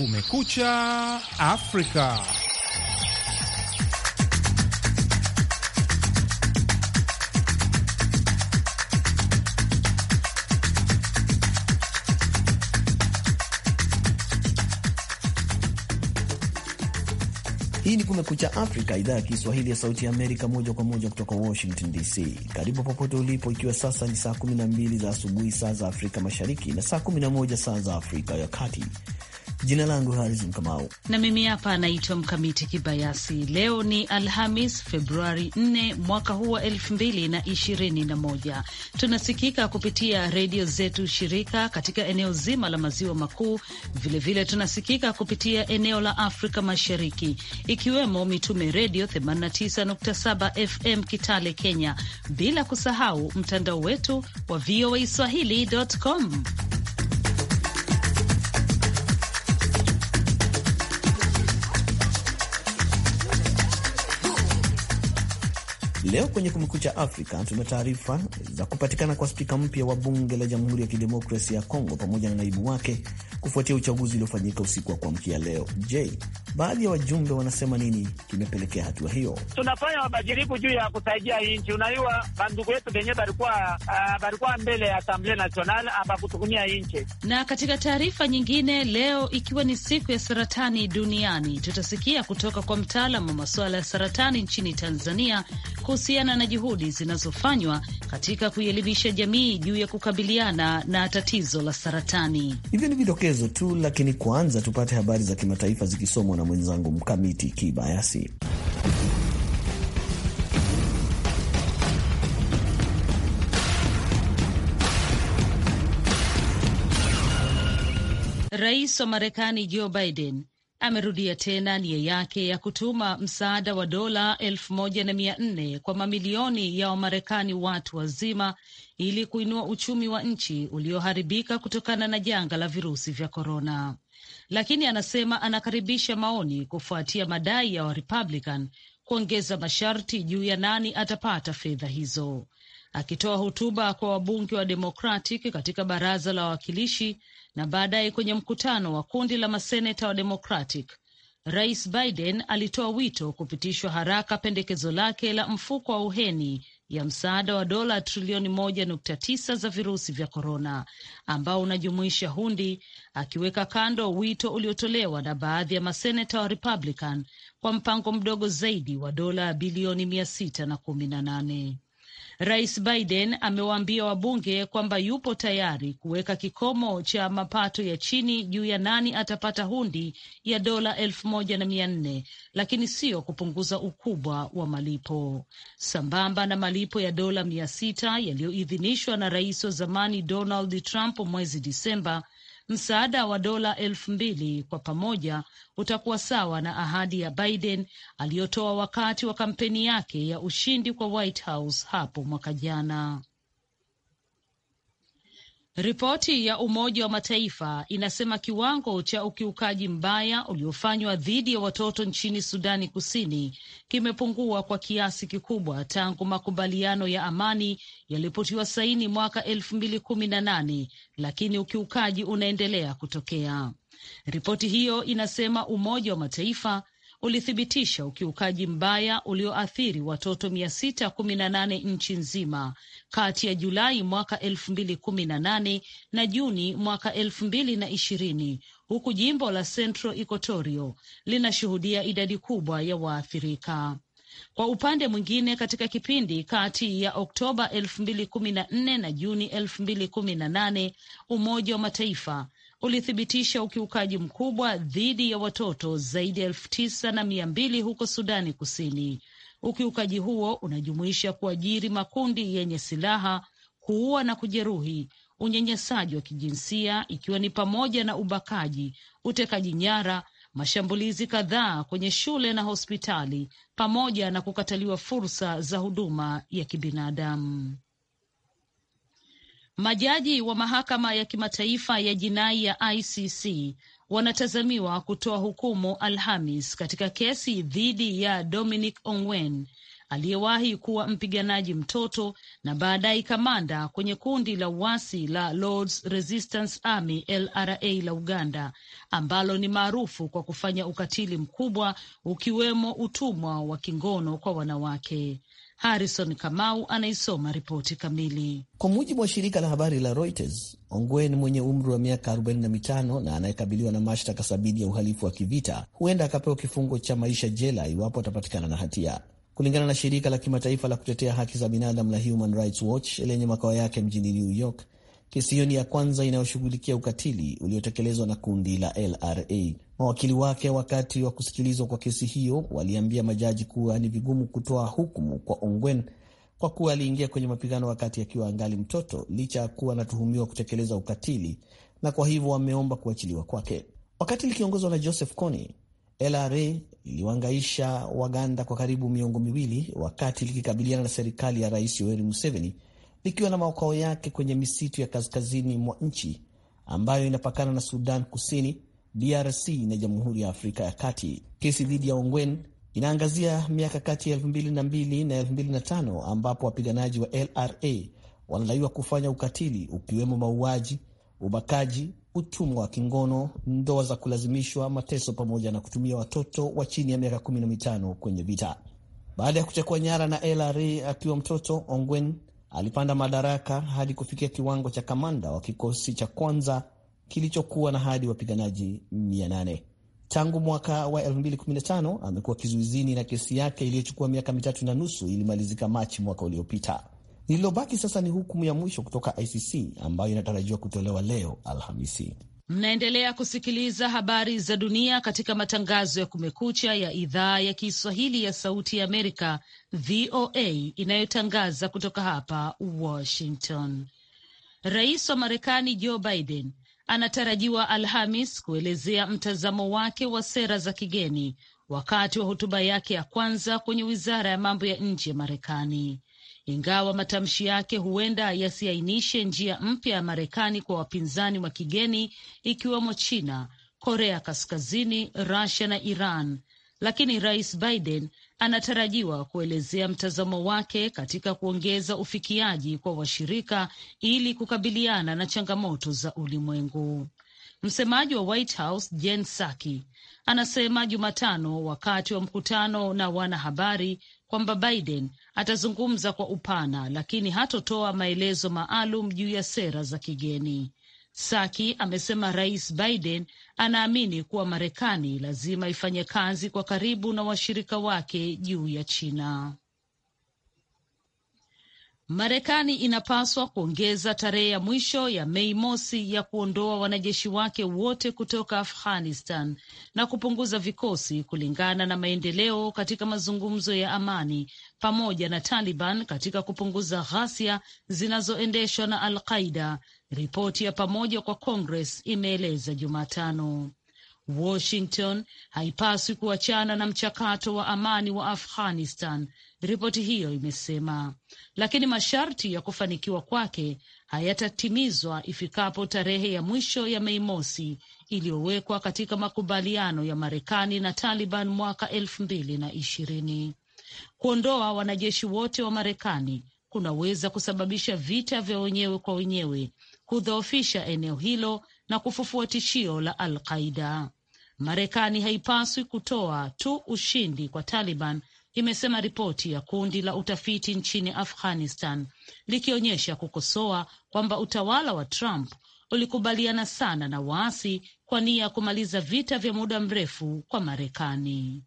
Kumekucha Afrika. Hii ni Kumekucha Afrika, idhaa ya Kiswahili ya Sauti ya Amerika, moja kwa moja kutoka Washington DC. Karibu popote ulipo, ikiwa sasa ni saa 12 za asubuhi saa za Afrika Mashariki na saa 11 saa za Afrika ya Kati. Jina langu Harrison Kamau na mimi hapa anaitwa Mkamiti Kibayasi. Leo ni Alhamis, Februari 4 mwaka huu wa 2021. Tunasikika kupitia redio zetu shirika katika eneo zima la maziwa makuu. Vilevile tunasikika kupitia eneo la Afrika Mashariki, ikiwemo Mitume Redio 89.7 FM Kitale, Kenya, bila kusahau mtandao wetu wa voa swahili.com. Leo kwenye Kumekucha Afrika tuna taarifa za kupatikana kwa spika mpya wa bunge la Jamhuri ya Kidemokrasia ya Kongo pamoja na naibu wake kufuatia uchaguzi uliofanyika usiku wa kuamkia leo. Je, baadhi ya wajumbe wanasema nini kimepelekea hatua hiyo? Tunafanya mabadiliko juu ya kusaidia hii nchi. Unajua, bandugu yetu venyewe balikuwa uh, ah, mbele ya Asamblee National abakutukunia hii nchi. Na katika taarifa nyingine, leo ikiwa ni siku ya saratani duniani, tutasikia kutoka kwa mtaalam wa masuala ya saratani nchini Tanzania kuhusiana na juhudi zinazofanywa katika kuielimisha jamii juu ya kukabiliana na tatizo la saratani. Hivyo ni vidokezo tu, lakini kwanza tupate habari za kimataifa zikisomwa na mwenzangu Mkamiti Kibayasi. Rais wa Marekani Joe Biden amerudia tena nia yake ya kutuma msaada wa dola elfu moja na mia nne kwa mamilioni ya Wamarekani watu wazima ili kuinua uchumi wa nchi ulioharibika kutokana na janga la virusi vya korona, lakini anasema anakaribisha maoni kufuatia madai ya Warepublican kuongeza masharti juu ya nani atapata fedha hizo. Akitoa hotuba kwa wabunge wa Democratic katika baraza la wawakilishi, na baadaye kwenye mkutano wa kundi la maseneta wa Democratic, Rais Biden alitoa wito kupitishwa haraka pendekezo lake la mfuko wa uheni ya msaada wa dola trilioni moja nukta tisa za virusi vya korona ambao unajumuisha hundi, akiweka kando wito uliotolewa na baadhi ya maseneta wa Republican kwa mpango mdogo zaidi wa dola bilioni mia sita na kumi na nane. Rais Biden amewaambia wabunge kwamba yupo tayari kuweka kikomo cha mapato ya chini juu ya nani atapata hundi ya dola elfu moja na mia nne lakini sio kupunguza ukubwa wa malipo, sambamba na malipo ya dola mia sita yaliyoidhinishwa na rais wa zamani Donald Trump mwezi Disemba Msaada wa dola elfu mbili kwa pamoja utakuwa sawa na ahadi ya Biden aliyotoa wakati wa kampeni yake ya ushindi kwa White House hapo mwaka jana. Ripoti ya Umoja wa Mataifa inasema kiwango cha ukiukaji mbaya uliofanywa dhidi ya watoto nchini Sudani Kusini kimepungua kwa kiasi kikubwa tangu makubaliano ya amani yalipotiwa saini mwaka elfu mbili kumi na nane, lakini ukiukaji unaendelea kutokea. Ripoti hiyo inasema Umoja wa Mataifa ulithibitisha ukiukaji mbaya ulioathiri watoto mia sita kumi na nane nchi nzima kati ya Julai mwaka elfu mbili kumi na nane na Juni mwaka elfu mbili na ishirini huku jimbo la Central Equatoria linashuhudia idadi kubwa ya waathirika. Kwa upande mwingine, katika kipindi kati ya Oktoba kumi na Juni nane Umoja wa Mataifa ulithibitisha ukiukaji mkubwa dhidi ya watoto zaidi ya elfu tisa na mia mbili huko Sudani Kusini. Ukiukaji huo unajumuisha kuajiri makundi yenye silaha, kuua na kujeruhi, unyanyasaji wa kijinsia, ikiwa ni pamoja na ubakaji, utekaji nyara, mashambulizi kadhaa kwenye shule na hospitali, pamoja na kukataliwa fursa za huduma ya kibinadamu. Majaji wa mahakama ya kimataifa ya jinai ya ICC wanatazamiwa kutoa hukumu Alhamis katika kesi dhidi ya Dominic Ongwen aliyewahi kuwa mpiganaji mtoto na baadaye kamanda kwenye kundi la uasi la Lords Resistance Army LRA la Uganda, ambalo ni maarufu kwa kufanya ukatili mkubwa ukiwemo utumwa wa kingono kwa wanawake. Harrison Kamau anaisoma ripoti kamili. Kwa mujibu wa shirika la habari la Reuters, Ongwen mwenye umri wa miaka 45 na anayekabiliwa na mashtaka sabini ya uhalifu wa kivita huenda akapewa kifungo cha maisha jela iwapo atapatikana na hatia, kulingana na shirika la kimataifa la kutetea haki za binadamu la Human Rights Watch lenye makao yake mjini New York. Kesi hiyo ni ya kwanza inayoshughulikia ukatili uliotekelezwa na kundi la LRA. Mawakili wake wakati wa kusikilizwa kwa kesi hiyo waliambia majaji kuwa ni vigumu kutoa hukumu kwa Ongwen kwa kuwa aliingia kwenye mapigano wakati akiwa angali mtoto, licha ya kuwa anatuhumiwa kutekeleza ukatili, na kwa hivyo wameomba kuachiliwa kwake. Wakati likiongozwa na Joseph Kony, LRA iliwaangaisha Waganda kwa karibu miongo miwili wakati likikabiliana na serikali ya Rais Yoweri Museveni likiwa na makao yake kwenye misitu ya kaskazini mwa nchi ambayo inapakana na Sudan Kusini, DRC na Jamhuri ya Afrika ya Kati. Kesi dhidi ya Ongwen inaangazia miaka kati ya 2002 na 2005 ambapo wapiganaji wa LRA wanadaiwa kufanya ukatili ukiwemo mauaji, ubakaji, utumwa wa kingono, ndoa za kulazimishwa, mateso pamoja na kutumia watoto wa chini ya miaka 15 kwenye vita. Baada ya kutekwa nyara na LRA akiwa mtoto, Ongwen Alipanda madaraka hadi kufikia kiwango cha kamanda wa kikosi cha kwanza kilichokuwa na hadi wapiganaji 800. Tangu mwaka wa 2015 amekuwa kizuizini na kesi yake iliyochukua miaka mitatu na nusu ilimalizika Machi mwaka uliopita. Lililobaki sasa ni hukumu ya mwisho kutoka ICC ambayo inatarajiwa kutolewa leo Alhamisi. Mnaendelea kusikiliza habari za dunia katika matangazo ya Kumekucha ya idhaa ya Kiswahili ya Sauti ya Amerika, VOA, inayotangaza kutoka hapa Washington. Rais wa Marekani Joe Biden anatarajiwa Alhamis kuelezea mtazamo wake wa sera za kigeni wakati wa hotuba yake ya kwanza kwenye wizara ya mambo ya nje ya Marekani ingawa matamshi yake huenda yasiainishe njia mpya ya Marekani kwa wapinzani wa kigeni ikiwemo China, Korea Kaskazini, Rusia na Iran. Lakini Rais Biden anatarajiwa kuelezea mtazamo wake katika kuongeza ufikiaji kwa washirika ili kukabiliana na changamoto za ulimwengu. Msemaji wa White House Jen Psaki anasema Jumatano wakati wa mkutano na wanahabari kwamba Biden atazungumza kwa upana, lakini hatotoa maelezo maalum juu ya sera za kigeni. Saki amesema Rais Biden anaamini kuwa Marekani lazima ifanye kazi kwa karibu na washirika wake juu ya China. Marekani inapaswa kuongeza tarehe ya mwisho ya Mei mosi ya kuondoa wanajeshi wake wote kutoka Afghanistan na kupunguza vikosi kulingana na maendeleo katika mazungumzo ya amani pamoja na Taliban katika kupunguza ghasia zinazoendeshwa na Al Qaida, ripoti ya pamoja kwa Kongres imeeleza Jumatano. Washington haipaswi kuachana na mchakato wa amani wa Afghanistan, ripoti hiyo imesema, lakini masharti ya kufanikiwa kwake hayatatimizwa ifikapo tarehe ya mwisho ya Mei Mosi iliyowekwa katika makubaliano ya Marekani na Taliban mwaka elfu mbili na ishirini. Kuondoa wanajeshi wote wa Marekani kunaweza kusababisha vita vya wenyewe kwa wenyewe, kudhoofisha eneo hilo na kufufua tishio la Al Qaida. Marekani haipaswi kutoa tu ushindi kwa Taliban, imesema ripoti ya kundi la utafiti nchini Afghanistan, likionyesha kukosoa kwamba utawala wa Trump ulikubaliana sana na waasi kwa nia ya kumaliza vita vya muda mrefu kwa Marekani.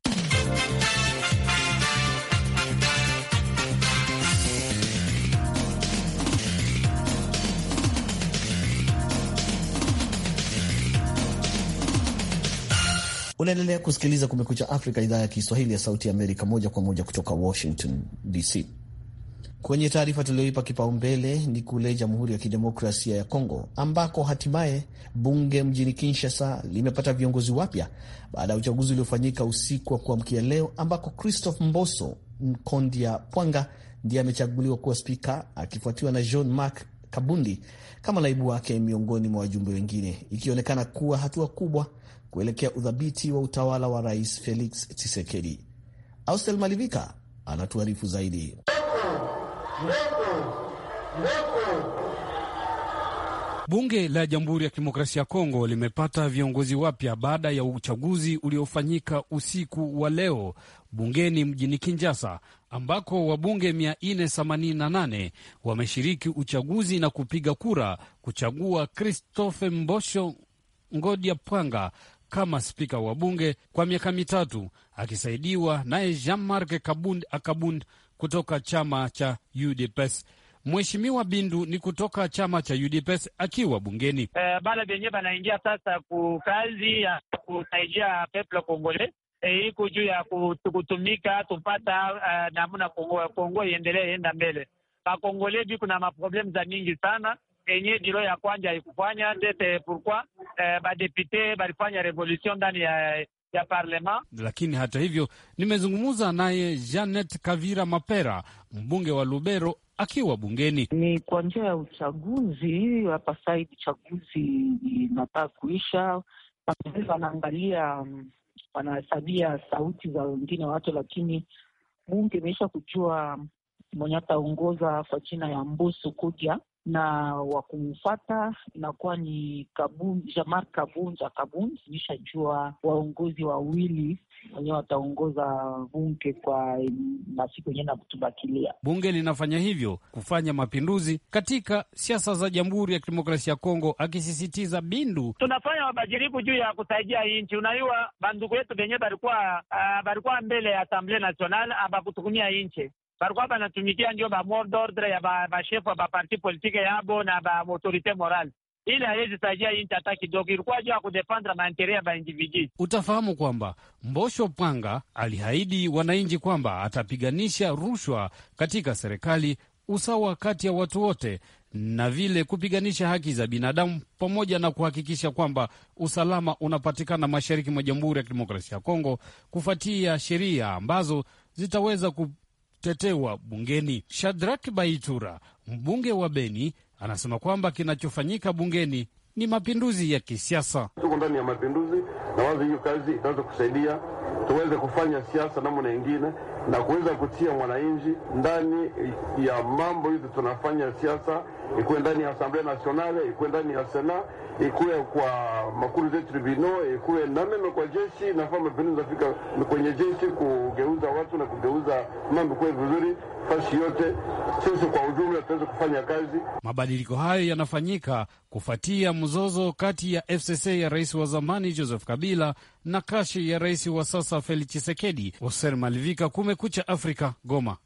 Unaendelea kusikiliza Kumekucha Afrika, idhaa ya Kiswahili ya Sauti Amerika, moja kwa moja kutoka Washington DC. Kwenye taarifa tuliyoipa kipaumbele ni kule Jamhuri ya Kidemokrasia ya Kongo ambako hatimaye bunge mjini Kinshasa limepata viongozi wapya baada ya uchaguzi uliofanyika usiku wa kuamkia leo, ambako Christophe Mboso Nkondia Pwanga ndiye amechaguliwa kuwa spika akifuatiwa na Jean Marc Kabundi kama naibu wake miongoni mwa wajumbe wengine, ikionekana kuwa hatua kubwa kuelekea udhabiti wa utawala wa Rais Felix Tshisekedi. Austel Malivika anatuarifu zaidi. Bunge la Jamhuri ya Kidemokrasia ya Kongo limepata viongozi wapya baada ya uchaguzi uliofanyika usiku wa leo bungeni mjini Kinshasa ambako wabunge 488 wameshiriki uchaguzi na kupiga kura kuchagua Christophe Mbosho Ngodia Pwanga kama spika wa bunge kwa miaka mitatu akisaidiwa naye Jean-Marc Kabund Akabund kutoka chama cha UDPS. Mheshimiwa Bindu ni kutoka chama cha UDPS akiwa bungeni. Uh, eh, bala vyenye vanaingia sasa ku kazi ya kusaidia peple kongole eh, iko juu ya kutumika tupata uh, eh, namuna Kongo iendelee enda mbele. Bakongole na maproblemu za mingi sana enye dilo ya kwanja ikufanya ndete pourquoi eh, badepute balifanya revolution ndani ya ya parlement. Lakini hata hivyo nimezungumza naye Janet Kavira Mapera, mbunge wa Lubero akiwa bungeni. Ni kwa njia ya uchaguzi hapa saidi, chaguzi inataa kuisha, wanaangalia wanahesabia sauti za wengine watu, lakini bunge imeisha kujua mwenye ataongoza kwa china ya Mbusu kuja na wa kumfata inakuwa ni Kabun, Jamar Kabunja ilishajua Nishajua waongozi wawili wenyewe wataongoza bunge kwa masiku yenyewe na kutubakilia. Bunge linafanya hivyo kufanya mapinduzi katika siasa za Jamhuri ya Kidemokrasia ya Kongo, akisisitiza Bindu, tunafanya mabadiliko juu ya kusaidia nchi. Unajua bandugu yetu venyewe balikuwa uh, ah, balikuwa mbele ya Asamblee Nasional abakutukumia nchi barikuwa banatumikia ndio ba mort d'ordre ya bashefu ba, ba parti politike yabo na ba autorite morale ili hawezi saidia inchi hata kidogo, ilikuwa juu ya kudefendre maendeleo ya baindividi. Utafahamu kwamba Mbosho Panga alihaidi wananchi kwamba atapiganisha rushwa katika serikali, usawa kati ya watu wote, na vile kupiganisha haki za binadamu pamoja na kuhakikisha kwamba usalama unapatikana mashariki mwa Jamhuri ya Kidemokrasia ya Kongo kufuatia sheria ambazo zitaweza ku kutetewa bungeni. shadrak Baitura, mbunge wa Beni, anasema kwamba kinachofanyika bungeni ni mapinduzi ya kisiasa. Tuko ndani ya mapinduzi na wazo, hiyo kazi itaweza kusaidia tuweze kufanya siasa namna ingine na kuweza kutia mwananchi ndani ya mambo hizi, tunafanya siasa ikuwe ndani ya Assemblée Nationale, ikuwe ndani ya Sena, ikuwe kwa makuru zetu tribunaux, ikuwe na meme kwa jeshi. Nafaa mapinduzi afika kwenye jeshi kugeuza watu na kugeuza mambo kuwe vizuri. Fasi yote sisi kwa ujumla tuweze kufanya kazi. Mabadiliko hayo yanafanyika kufuatia mzozo kati ya FCC ya rais wa zamani Joseph Kabila na kashi ya rais wa sasa Felix Tshisekedi. Oser Malivika, Kumekucha Afrika, Goma.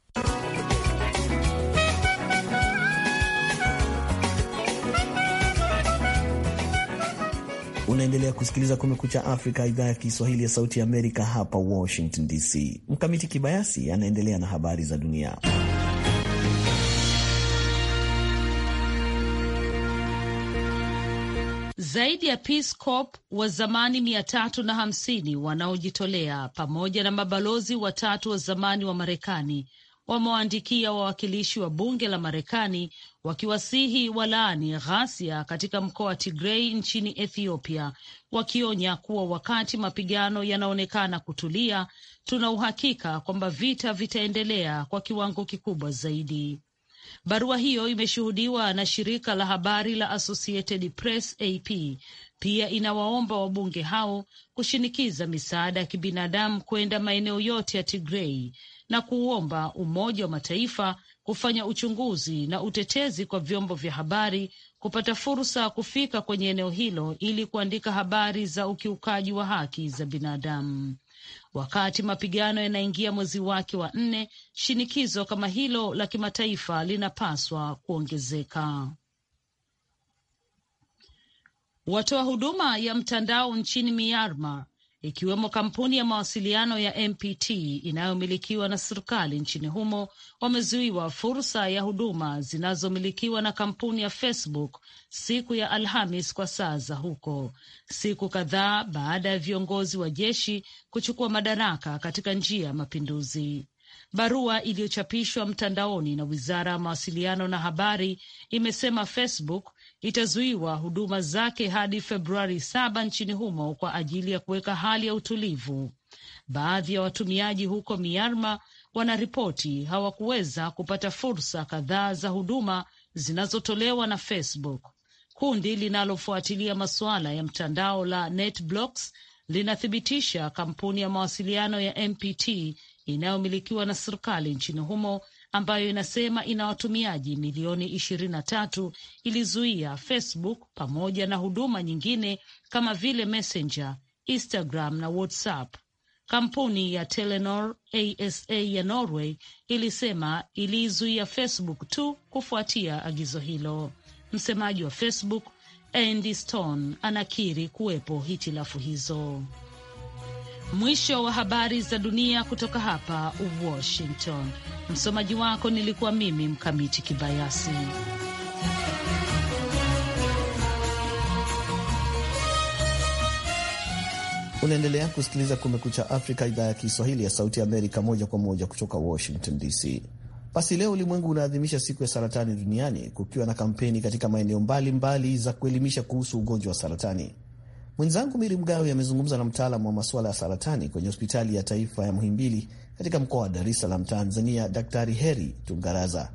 Unaendelea kusikiliza Kumekucha Afrika, idhaa ya Kiswahili ya Sauti ya Amerika, hapa Washington DC. Mkamiti Kibayasi anaendelea na habari za dunia. Zaidi ya Peace Corps wa zamani mia tatu na hamsini wanaojitolea pamoja na mabalozi watatu wa zamani wa Marekani wamewaandikia wawakilishi wa bunge la Marekani wakiwasihi walaani ghasia katika mkoa wa Tigrei nchini Ethiopia, wakionya kuwa wakati mapigano yanaonekana kutulia, tuna uhakika kwamba vita vitaendelea kwa kiwango kikubwa zaidi. Barua hiyo imeshuhudiwa na shirika la habari la Associated Press AP. Pia inawaomba wabunge hao kushinikiza misaada ya kibinadamu kwenda maeneo yote ya Tigrei na kuuomba Umoja wa Mataifa kufanya uchunguzi na utetezi kwa vyombo vya habari kupata fursa kufika kwenye eneo hilo ili kuandika habari za ukiukaji wa haki za binadamu. Wakati mapigano yanaingia mwezi wake wa nne, shinikizo kama hilo la kimataifa linapaswa kuongezeka. Watoa huduma ya mtandao nchini Myanmar ikiwemo kampuni ya mawasiliano ya MPT inayomilikiwa na serikali nchini humo, wamezuiwa fursa ya huduma zinazomilikiwa na kampuni ya Facebook siku ya Alhamis kwa saa za huko, siku kadhaa baada ya viongozi wa jeshi kuchukua madaraka katika njia ya mapinduzi. Barua iliyochapishwa mtandaoni na wizara ya mawasiliano na habari imesema Facebook itazuiwa huduma zake hadi Februari saba nchini humo kwa ajili ya kuweka hali ya utulivu. Baadhi ya watumiaji huko Myanmar wanaripoti hawakuweza kupata fursa kadhaa za huduma zinazotolewa na Facebook. Kundi linalofuatilia masuala ya mtandao la NetBlocks linathibitisha kampuni ya mawasiliano ya MPT inayomilikiwa na serikali nchini humo ambayo inasema ina watumiaji milioni ishirini na tatu ilizuia Facebook pamoja na huduma nyingine kama vile Messenger, Instagram na WhatsApp. Kampuni ya Telenor ASA ya Norway ilisema iliizuia Facebook tu kufuatia agizo hilo. Msemaji wa Facebook Andy Stone anakiri kuwepo hitilafu hizo. Mwisho wa habari za dunia kutoka hapa Washington. Msomaji wako nilikuwa mimi Mkamiti Kibayasi. Unaendelea kusikiliza Kumekucha Afrika, idhaa ya Kiswahili ya Sauti Amerika, moja kwa moja kutoka Washington DC. Basi leo ulimwengu unaadhimisha siku ya saratani duniani, kukiwa na kampeni katika maeneo mbalimbali za kuelimisha kuhusu ugonjwa wa saratani. Mwenzangu Miri Mgawe amezungumza na mtaalamu wa masuala ya saratani kwenye hospitali ya taifa ya Muhimbili katika mkoa wa Dar es Salaam, Tanzania, Daktari Heri Tungaraza.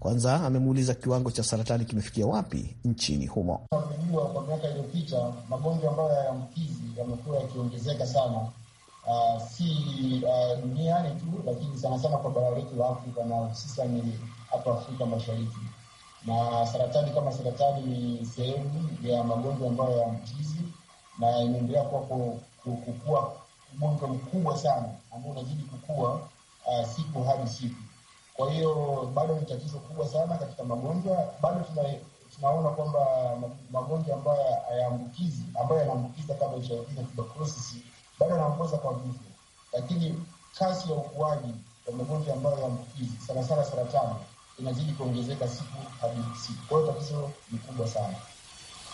Kwanza amemuuliza kiwango cha saratani kimefikia wapi nchini humo. Tumejua kwa miaka iliyopita magonjwa ambayo yaambukizi yamekuwa yakiongezeka sana, uh, si uh, duniani tu, lakini sana sana kwa bara letu la Afrika na hususani hapa Afrika Mashariki. Na saratani kama saratani ni sehemu ya magonjwa ambayo yaambukizi na inaendelea kuwa kukua mwanga mkubwa sana ambao unazidi kukua uh, siku hadi siku. Kwa hiyo bado ni tatizo kubwa sana katika magonjwa, bado tuna tunaona kwamba magonjwa ambayo hayaambukizi ambayo yanaambukiza kama HIV na tuberculosis bado yanaongoza kwa vifo, lakini kasi ya ukuaji wa magonjwa ambayo yaambukizi sana sana saratani inazidi kuongezeka siku hadi siku. Kwa hiyo tatizo ni kubwa sana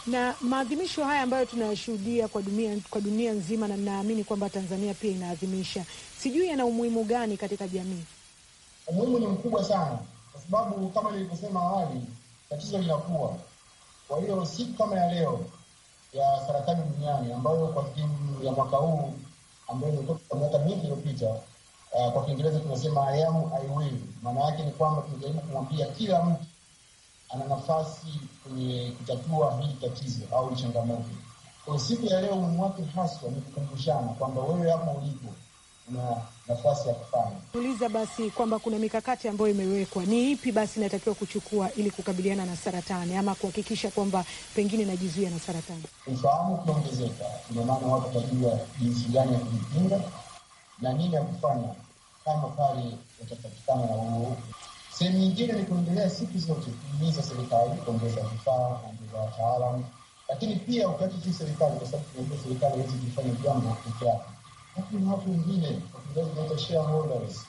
na maadhimisho haya ambayo tunayashuhudia kwa dunia, kwa dunia nzima, na ninaamini kwamba Tanzania pia inaadhimisha, sijui yana umuhimu gani katika jamii? Umuhimu ni mkubwa sana, kwa sababu kama nilivyosema awali, tatizo linakuwa. Kwa hiyo siku kama ya leo ya saratani duniani ambayo kwa timu ya mwaka huu ambayo imetoka miaka mingi iliyopita, uh, kwa Kiingereza tunasema I am I will, maana yake ni kwamba tunajaribu kumwambia kila mtu ana nafasi kwenye kutatua hili tatizo au changamoto. Kwa siku ya leo, umuhimu wake haswa ni kukumbushana kwamba wewe hapo ulipo una nafasi ya kufanya. Uliza basi kwamba kuna mikakati ambayo imewekwa, ni ipi basi inatakiwa kuchukua ili kukabiliana na saratani ama kuhakikisha kwamba pengine najizuia na saratani? Ufahamu kuongezeka ndio maana watu watajua jinsi gani ya kujikinga na nini ya kufanya kama pale watapatikana na Sehemu nyingine ni kuendelea siku zote kuhimiza serikali kuongeza vifaa, kuongeza wataalam lakini pia ukiacha serikali, kwa sababu tunajua serikali hawezi kufanya jambo peke yake. Lakini watu wengine, tunaita shareholders,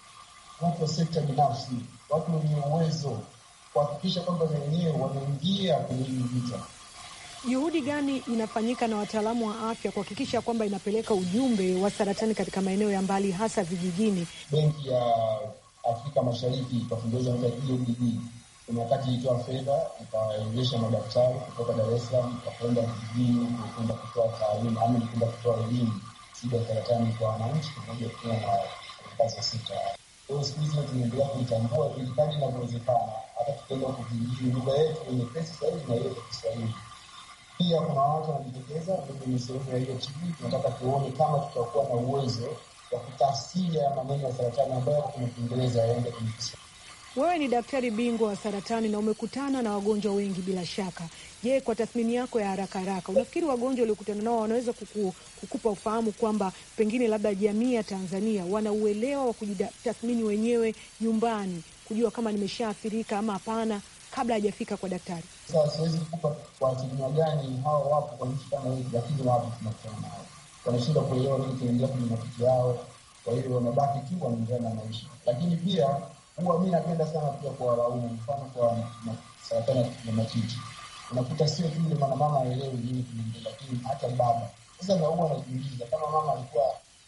watu wa sekta binafsi, watu wenye uwezo kuhakikisha kwamba wenyewe wanaingia kwenye hili vita. Juhudi gani inafanyika na wataalamu wa afya kuhakikisha kwamba inapeleka ujumbe wa saratani katika maeneo ya mbali, hasa vijijini? Benki ya Afrika Mashariki ikafunguliwa kijijini. Kuna wakati ilitoa fedha ikawawezesha madaktari kutoka Dar es Salaam wakaenda vijijini kwenda kutoa taaluma ama kwenda kutoa elimu sida saratani kwa wananchi pamoja pia na kazi ya sekta. Kwa hiyo siku hizi tunaendelea kuitambua ili kadri inavyowezekana, hata tukienda kuvijijini, lugha yetu yenye pesa zaidi na hiyo Kiswahili. Pia kuna watu wanajitokeza, mimi ni sehemu ya hiyo TV, tunataka tuone kama tutakuwa na uwezo wa kutafsiri ya maneno ya saratani ambayo Kiingereza yaende kwenye Kiswahili. Wewe ni daktari bingwa wa saratani na umekutana na wagonjwa wengi bila shaka. Je, kwa tathmini yako ya haraka haraka, unafikiri wagonjwa waliokutana nao wanaweza kuku, kukupa ufahamu kwamba pengine labda jamii ya Tanzania wana uelewa wa kujitathmini wenyewe nyumbani, kujua kama nimeshaathirika ama hapana, kabla hajafika kwa daktari? Sasa siwezi kukupa kwa asilimia gani hao wapo kwa nchi kama hizi, lakini wapo, tunakutana nao wameshindwa kuelewa nini kinaendelea kwenye matiti yao, kwa hiyo wanabaki tu wanaendelea na maisha. Lakini pia huwa mi napenda sana pia kuwalaumu, mfano kwa saratani ya matiti unakuta sio tu ndio maana mama aelewi nini kinaendelea, lakini hata baba sasa na huwa anajiuliza kama mama alikuwa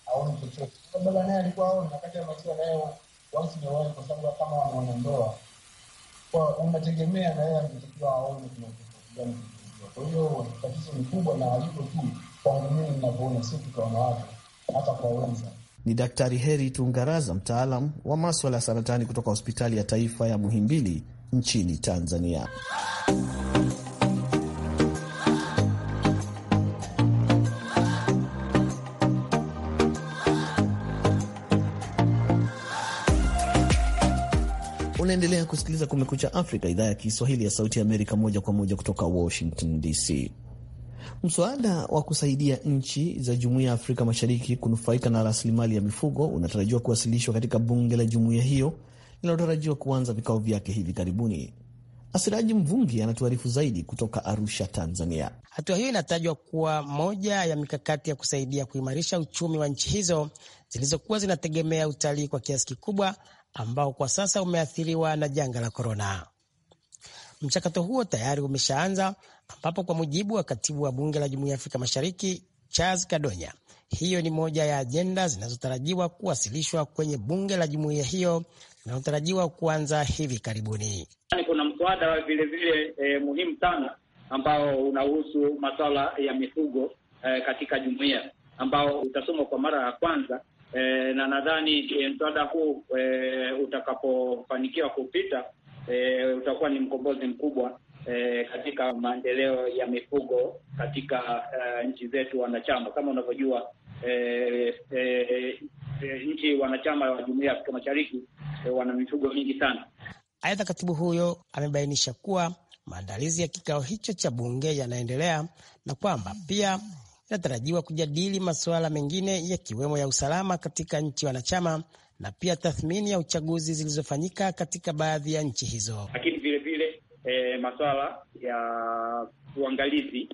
aoni chochote, sasa baba naye alikuwa aoni, wakati amatiwa nayo once in a kwa sababu kama wanandoa kwa unategemea na yeye anatakiwa aone kuna kitu gani. Kwa hiyo tatizo ni kubwa na alipo tu ni Daktari Heri Tungaraza, mtaalam wa maswala ya saratani kutoka hospitali ya taifa ya Muhimbili nchini Tanzania. Unaendelea kusikiliza Kumekucha Afrika, idhaa ya Kiswahili ya Sauti ya Amerika, moja kwa moja kutoka Washington DC. Msaada wa kusaidia nchi za Jumuiya ya Afrika Mashariki kunufaika na rasilimali ya mifugo unatarajiwa kuwasilishwa katika bunge la jumuiya hiyo linalotarajiwa kuanza vikao vyake hivi karibuni. Asiraji Mvungi anatuarifu zaidi kutoka Arusha, Tanzania. Hatua hiyo inatajwa kuwa moja ya mikakati ya kusaidia kuimarisha uchumi wa nchi hizo zilizokuwa zinategemea utalii kwa kiasi kikubwa, ambao kwa sasa umeathiriwa na janga la korona. Mchakato huo tayari umeshaanza ambapo kwa mujibu wa katibu wa bunge la Jumuiya ya Afrika Mashariki Charles Kadonya, hiyo ni moja ya ajenda zinazotarajiwa kuwasilishwa kwenye bunge la jumuiya hiyo linalotarajiwa kuanza hivi karibuni. Yaani kuna mswada vilevile eh, muhimu sana ambao unahusu masuala ya mifugo eh, katika jumuiya ambao utasomwa kwa mara ya kwanza e, na nadhani e, mswada huu e, utakapofanikiwa kupita e, utakuwa ni mkombozi mkubwa eh, katika maendeleo ya mifugo katika eh, nchi zetu wanachama. Kama unavyojua eh, eh, eh, nchi wanachama wa Jumuiya ya Afrika Mashariki eh, wana mifugo mingi sana. Aidha, katibu huyo amebainisha kuwa maandalizi ya kikao hicho cha bunge yanaendelea na kwamba pia inatarajiwa kujadili masuala mengine yakiwemo ya usalama katika nchi wanachama na pia tathmini ya uchaguzi zilizofanyika katika baadhi ya nchi hizo. Lakini e, eh, masuala ya uangalizi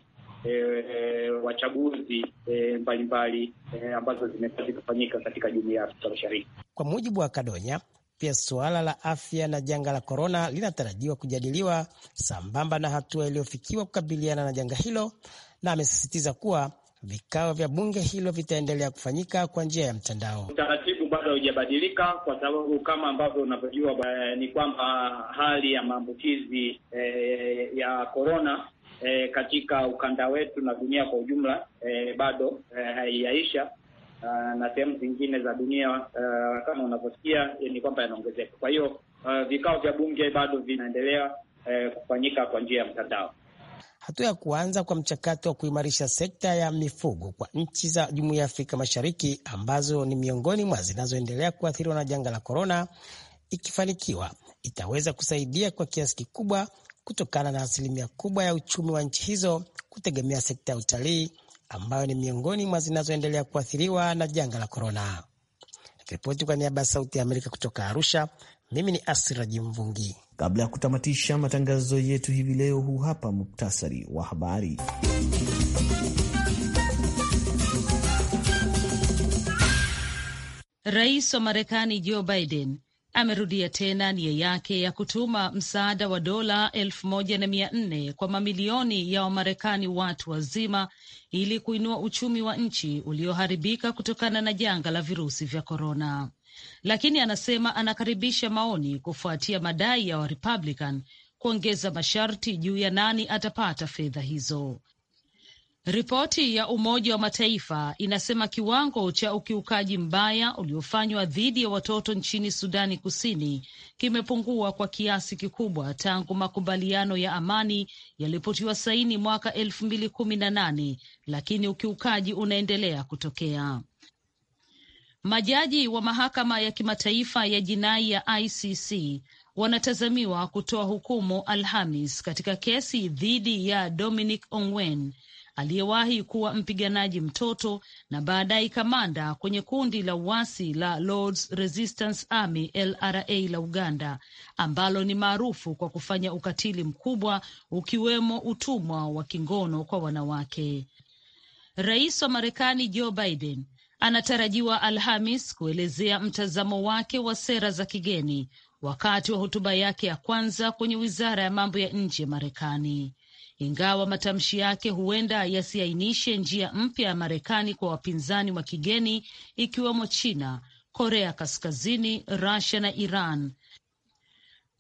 e, eh, e, eh, wa chaguzi e, mbalimbali e, ambazo zimekuwa zikifanyika katika jumuiya ya Afrika Mashariki. Kwa mujibu wa Kadonya, pia suala la afya na janga la korona linatarajiwa kujadiliwa sambamba na hatua iliyofikiwa kukabiliana na janga hilo, na amesisitiza kuwa vikao vya bunge hilo vitaendelea kufanyika kwa njia ya mtandao bado haujabadilika kwa sababu kama ambavyo unavyojua ni kwamba hali ya maambukizi e, ya korona e, eh, katika ukanda wetu na dunia kwa ujumla e, bado haijaisha Uh, na sehemu zingine za dunia uh, kama unavyosikia ni kwamba yanaongezeka. Kwa hiyo uh, vikao vya bunge bado vinaendelea uh, kufanyika kwa njia ya mtandao hatua ya kuanza kwa mchakato wa kuimarisha sekta ya mifugo kwa nchi za Jumuiya ya Afrika Mashariki ambazo ni miongoni mwa zinazoendelea kuathiriwa na janga la korona, ikifanikiwa itaweza kusaidia kwa kiasi kikubwa, kutokana na asilimia kubwa ya uchumi wa nchi hizo kutegemea sekta ya utalii ambayo ni miongoni mwa zinazoendelea kuathiriwa na janga la korona. Ripoti kwa niaba ya Sauti ya Amerika kutoka Arusha, mimi ni Asiraji mvungi Kabla ya kutamatisha matangazo yetu hivi leo, huu hapa muktasari wa habari. Rais wa Marekani Joe Biden amerudia tena nia yake ya kutuma msaada wa dola elfu moja na mia nne kwa mamilioni ya Wamarekani watu wazima ili kuinua uchumi wa nchi ulioharibika kutokana na janga la virusi vya korona lakini anasema anakaribisha maoni kufuatia madai ya Warepublican kuongeza masharti juu ya nani atapata fedha hizo. Ripoti ya Umoja wa Mataifa inasema kiwango cha ukiukaji mbaya uliofanywa dhidi ya watoto nchini Sudani Kusini kimepungua kwa kiasi kikubwa tangu makubaliano ya amani yalipotiwa saini mwaka elfu mbili kumi na nane, lakini ukiukaji unaendelea kutokea. Majaji wa mahakama ya kimataifa ya jinai ya ICC wanatazamiwa kutoa hukumu Alhamis katika kesi dhidi ya Dominic Ongwen aliyewahi kuwa mpiganaji mtoto na baadaye kamanda kwenye kundi la uasi la Lords Resistance Army LRA la Uganda, ambalo ni maarufu kwa kufanya ukatili mkubwa ukiwemo utumwa wa kingono kwa wanawake. Rais wa Marekani Joe Biden anatarajiwa Alhamis kuelezea mtazamo wake wa sera za kigeni wakati wa hotuba yake ya kwanza kwenye wizara ya mambo ya nje ya Marekani. Ingawa matamshi yake huenda yasiainishe njia mpya ya Marekani kwa wapinzani wa kigeni ikiwemo China, Korea Kaskazini, Rusia na Iran,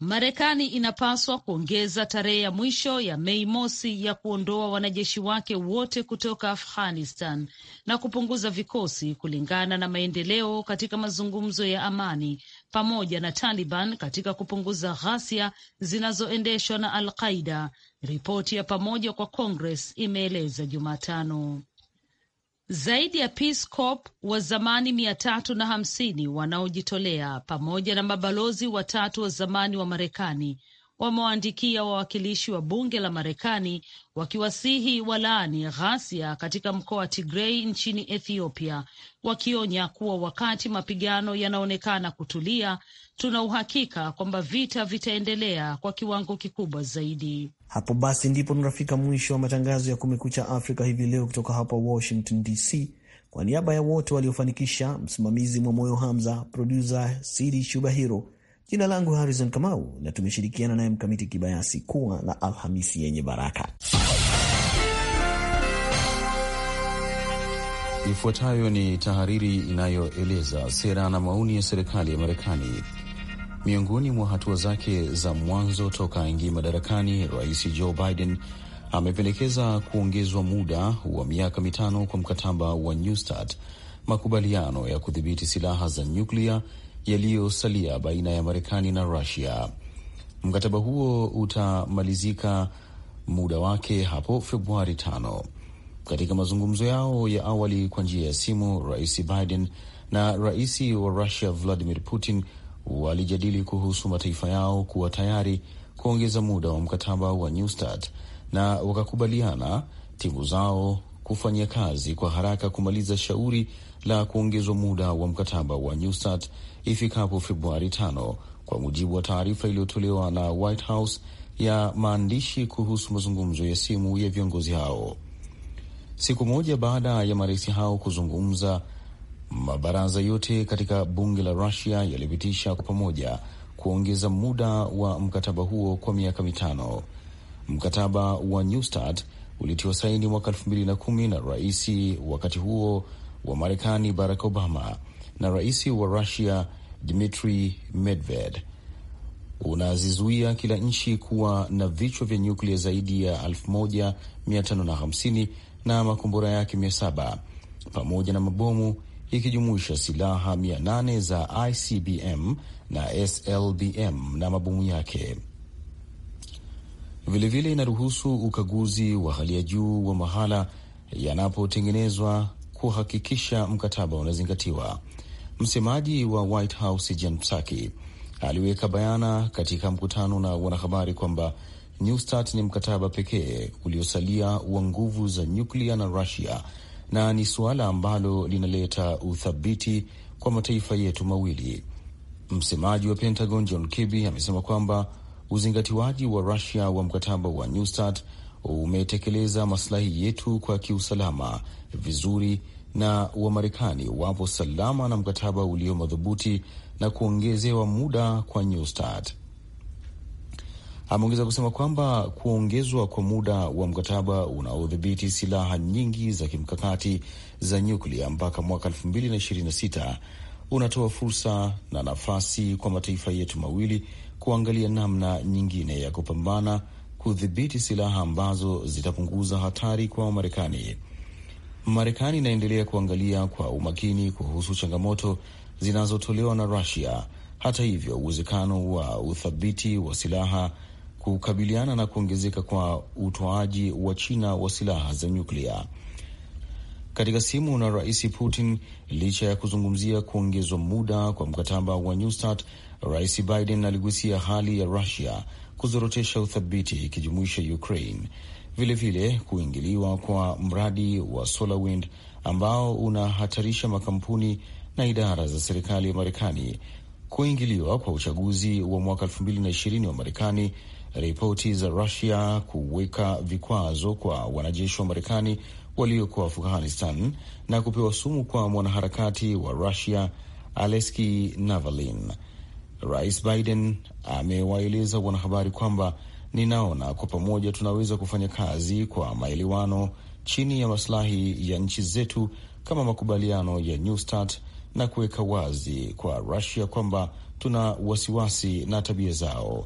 Marekani inapaswa kuongeza tarehe ya mwisho ya Mei mosi ya kuondoa wanajeshi wake wote kutoka Afghanistan na kupunguza vikosi kulingana na maendeleo katika mazungumzo ya amani pamoja na Taliban katika kupunguza ghasia zinazoendeshwa na Al Qaida, ripoti ya pamoja kwa Congress imeeleza Jumatano zaidi ya Peace Corps wa zamani mia tatu na hamsini wanaojitolea pamoja na mabalozi watatu wa zamani wa Marekani wamewaandikia wawakilishi wa bunge la Marekani wakiwasihi walaani ghasia katika mkoa wa Tigrei nchini Ethiopia, wakionya kuwa wakati mapigano yanaonekana kutulia, tuna uhakika kwamba vita vitaendelea kwa kiwango kikubwa zaidi. Hapo basi ndipo tunafika mwisho wa matangazo ya Kumekucha Afrika hivi leo kutoka hapa Washington DC. Kwa niaba ya wote waliofanikisha, msimamizi moyo Hamza, produsa Sidi Shubahiro, jina langu Harrison Kamau na tumeshirikiana naye Mkamiti Kibayasi. Kuwa na Alhamisi yenye baraka. Ifuatayo ni tahariri inayoeleza sera na maoni ya serikali ya Marekani. Miongoni mwa hatua zake za mwanzo toka aingie madarakani, Rais Joe Biden amependekeza kuongezwa muda wa miaka mitano kwa mkataba wa New START, makubaliano ya kudhibiti silaha za nyuklia yaliyosalia baina ya Marekani na Rusia. Mkataba huo utamalizika muda wake hapo Februari tano. Katika mazungumzo yao ya awali kwa njia ya simu, Rais Biden na rais wa Rusia Vladimir Putin walijadili kuhusu mataifa yao kuwa tayari kuongeza muda wa mkataba wa New Start na wakakubaliana timu zao kufanya kazi kwa haraka kumaliza shauri la kuongezwa muda wa mkataba wa New Start ifikapo Februari tano, kwa mujibu wa taarifa iliyotolewa na White House ya maandishi kuhusu mazungumzo ya simu ya viongozi hao. Siku moja baada ya marais hao kuzungumza Mabaraza yote katika bunge la Rusia yalipitisha kwa pamoja kuongeza muda wa mkataba huo kwa miaka mitano. Mkataba wa New Start ulitiwa saini mwaka elfu mbili na kumi na rais wakati huo wa Marekani Barack Obama na rais wa Rusia Dmitri Medvedev unazizuia kila nchi kuwa na vichwa vya nyuklia zaidi ya 1550 na makombora yake 700 pamoja na mabomu ikijumuisha silaha 800 za ICBM na SLBM na mabomu yake. Vilevile inaruhusu ukaguzi wa hali ya juu wa mahala yanapotengenezwa kuhakikisha mkataba unazingatiwa. Msemaji wa White House Jen Psaki aliweka bayana katika mkutano na wanahabari kwamba New START ni mkataba pekee uliosalia wa nguvu za nyuklia na Rusia na ni suala ambalo linaleta uthabiti kwa mataifa yetu mawili. Msemaji wa Pentagon John Kirby amesema kwamba uzingatiwaji wa Rusia wa mkataba wa New START umetekeleza masilahi yetu kwa kiusalama vizuri na Wamarekani wapo salama na mkataba ulio madhubuti na kuongezewa muda kwa New START. Ameongeza kusema kwamba kuongezwa kwa muda wa mkataba unaodhibiti silaha nyingi za kimkakati za nyuklia mpaka mwaka 2026 unatoa fursa na nafasi kwa mataifa yetu mawili kuangalia namna nyingine ya kupambana kudhibiti silaha ambazo zitapunguza hatari kwa marekani Marekani inaendelea kuangalia kwa umakini kuhusu changamoto zinazotolewa na Rusia. Hata hivyo, uwezekano wa uthabiti wa silaha kukabiliana na kuongezeka kwa utoaji wa China wa silaha za nyuklia. Katika simu na Rais Putin, licha ya kuzungumzia kuongezwa muda kwa mkataba wa New START, Rais Biden aligusia hali ya Rusia kuzorotesha uthabiti ikijumuisha Ukraine, vilevile kuingiliwa kwa mradi wa SolarWind ambao unahatarisha makampuni na idara za serikali ya Marekani, kuingiliwa kwa uchaguzi wa mwaka elfu wa Marekani ripoti za Rusia kuweka vikwazo kwa wanajeshi wa Marekani walioko Afghanistan na kupewa sumu kwa mwanaharakati wa Rusia aleski navalin Rais Biden amewaeleza wanahabari kwamba ninaona kwa pamoja tunaweza kufanya kazi kwa maelewano chini ya masilahi ya nchi zetu kama makubaliano ya New START na kuweka wazi kwa Rusia kwamba tuna wasiwasi na tabia zao.